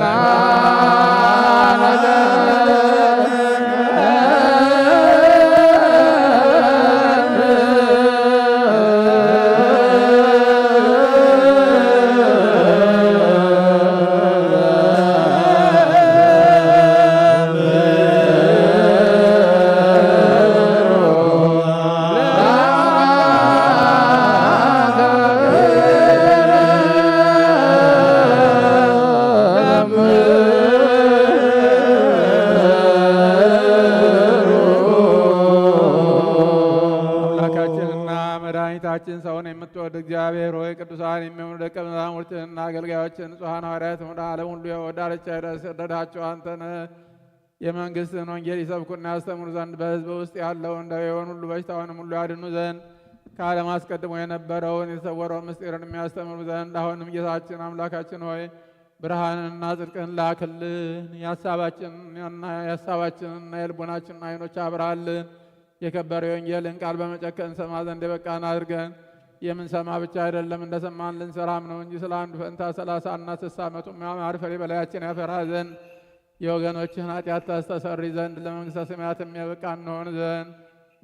ভাঙা አምላካችን ሰውን የምትወድ እግዚአብሔር ሆይ ቅዱሳን የሚሆኑ ደቀ መዛሙርትንና አገልጋዮችን ንጹሐን ሐዋርያት ወደ ዓለም ሁሉ ወዳለቻ የሰደዳቸው አንተን የመንግሥትን ወንጌል ይሰብኩና ያስተምሩ ዘንድ በሕዝብ ውስጥ ያለውን ደዌውን ሁሉ በሽታውንም ሁሉ ያድኑ ዘንድ ከዓለም አስቀድሞ የነበረውን የተሰወረውን ምስጢርን የሚያስተምሩ ዘንድ አሁንም ጌታችን አምላካችን ሆይ ብርሃንንና ጽድቅን ላክልን። የሀሳባችንና የልቦናችንን አይኖች አብራልን። የከበረ የወንጌልን ቃል በመጨከ እንሰማ ዘንድ የበቃን አድርገን የምንሰማ ብቻ አይደለም እንደሰማን ልንሰራም ነው እንጂ ስለ አንዱ ፈንታ ሰላሳ እና ስሳ መቶ ማር ፍሬ በላያችን ያፈራ ዘንድ የወገኖችህን ኃጢአት ታስተሰሪ ዘንድ ለመንግሥተ ሰማያት የሚያበቃን እንሆን ዘንድ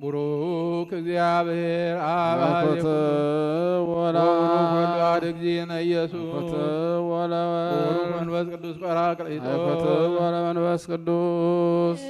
ቡሩክ እግዚአብሔር አባት ወወልድ ዋሕድ ኢየሱስ ወለወ መንፈስ ቅዱስ ቆራቅሊጦ ወለመንፈስ ቅዱስ